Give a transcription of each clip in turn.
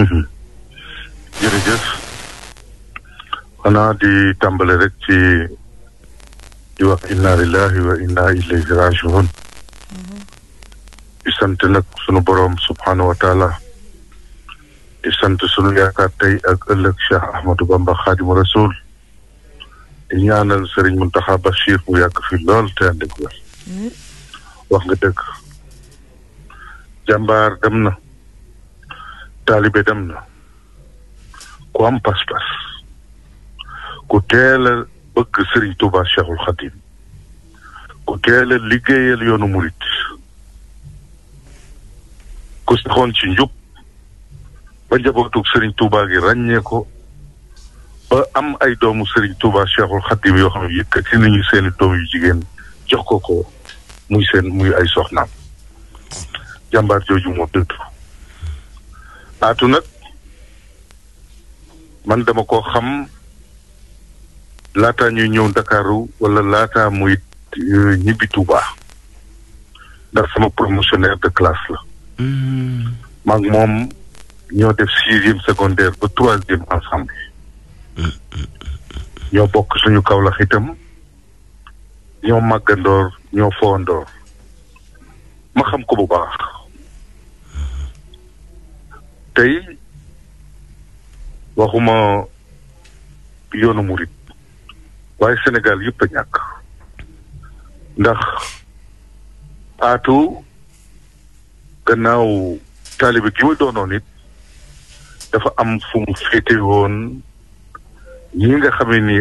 Mhm. jërëjëf xanaa di tàmbale rek ci di wax inna lillahi wa inna ilayhi rajiun mhm. di sant nag sunu boroom subhaanahu wa taala di sant sunu yaakaar tey ak ëllëg Cheikh Ahmadou Bamba Xaadimu Rasul di ñaanal Sëriñ Muntaxa Bachir mu yàgg fi lool te ànd ak mhm. wax nga dëgg jàmbaar dem na taalibe dem na ku am pas-pas ku teel a bëgg Serigne Touba Cheikhul Khadim ku teel liggéeyal yoonu murit ku saxoon ci njub ba njabootug Serigne Touba gi ràññee ko ba am ay doomu sëriñ Touba Cheikhul Khadim yoo xam ne yëkkati nañu seeni doom yu jigéen jox ko ko muy seen muy ay soxnaam jàmbaar jooju moo aatu nag man dama ko xam laata ñuy ñëw ndakaaru wala laata muy euh, ñibbi Tuuba ndax sama promotionnaire de classe la hmm. maag moom ñoo def sixième secondaire ba troisième ensemble hmm, hmm, ñoo bokk suñu Kaolack itam ñoo màggandoor ñoo fowandoor ma xam ko bu baax tey waxuma yoonu murit waaye Sénégal yëpp a ñàkk ndax aatu gannaaw taalibe gi ma doonoon dafa am fu mu féete woon ñi nga xamee ni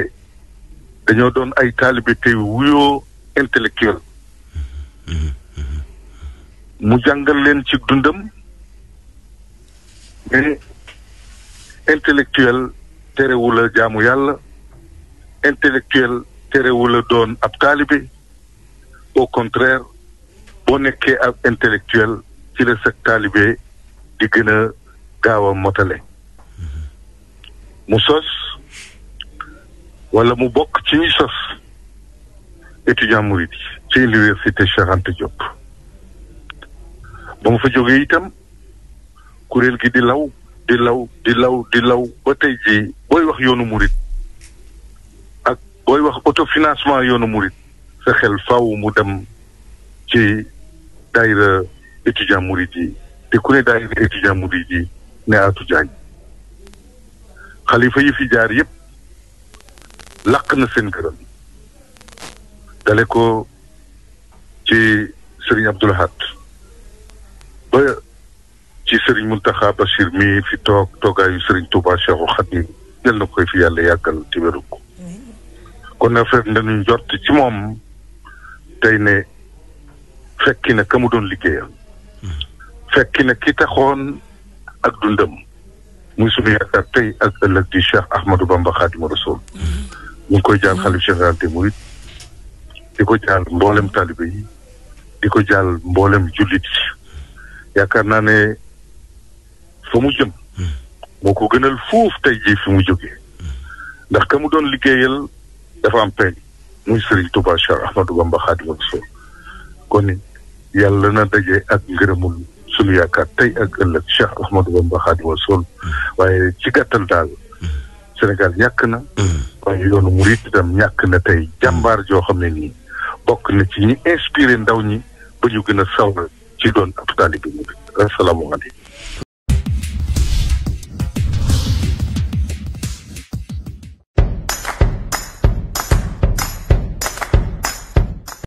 dañoo doon ay taalibe tey wuyoo intellectuel mm-hmm. Mm-hmm. mu jàngal leen ci dundam mais intellectuel terewul a jaamu yàlla intellectuel terewul a doon ab taalibe au contraire boo nekkee ab intellectuel ci la sa taalibe di gën a motale mu sos wala mu bokk ci ñi sos étudiant murid ci université Cheikh Anta ba mu fa jógee itam kuréel gi di law di law di law di law ba tey jii booy wax yoonu murit ak booy wax financement yoonu murit sa xel faaw mu dem ci daayira étudiant murit yi te ku ne daayira étudiant murit yi ne Atou xalifa yi fi jaar yépp làq na seen gërëm dale ko ci Serigne Abdoul Ahad ba ci sëriñ Serigne Mountakha Bachir mii fi toog toogaayu sëriñ Touba Cheikhul Khadim jël na koy fi yàlla yàggal ci wéru ko na fekk nañu ci moom tey ne fekki na ka mu doon liggéeyal fekki na ki taxoon ak dundam muy suñu yaakaar tey ak ëllëg di Cheikh Ahmadou Bamba Khadimu Rasul ñu ngi koy jaal xalif général des mourides di ko jaal mboolem talibe yi di ko jaal mboolem jullit yaakaar naa ne fa mu jëm moo ko gënal foofu tey jii fi mu jógee ndax ka mu doon liggéeyal dafa am peñ muy Serigne Touba Cheikh Ahmadou Bamba Khadimu Rasuul kon yàlla na daje ak ngërëmul sunu yaakaar tey ak ëllëg Cheikh Ahmadou Bamba Khadimu Rasuul waaye ci gàttal daal Sénégal ñàkk na waaye yoonu murit itam ñàkk na tey jàmbaar joo xam ne nii bokk na ci ñi inspiré ndaw ñi ba ñu gën a sawra ci doon ab taalibe bi asalaamaaleykum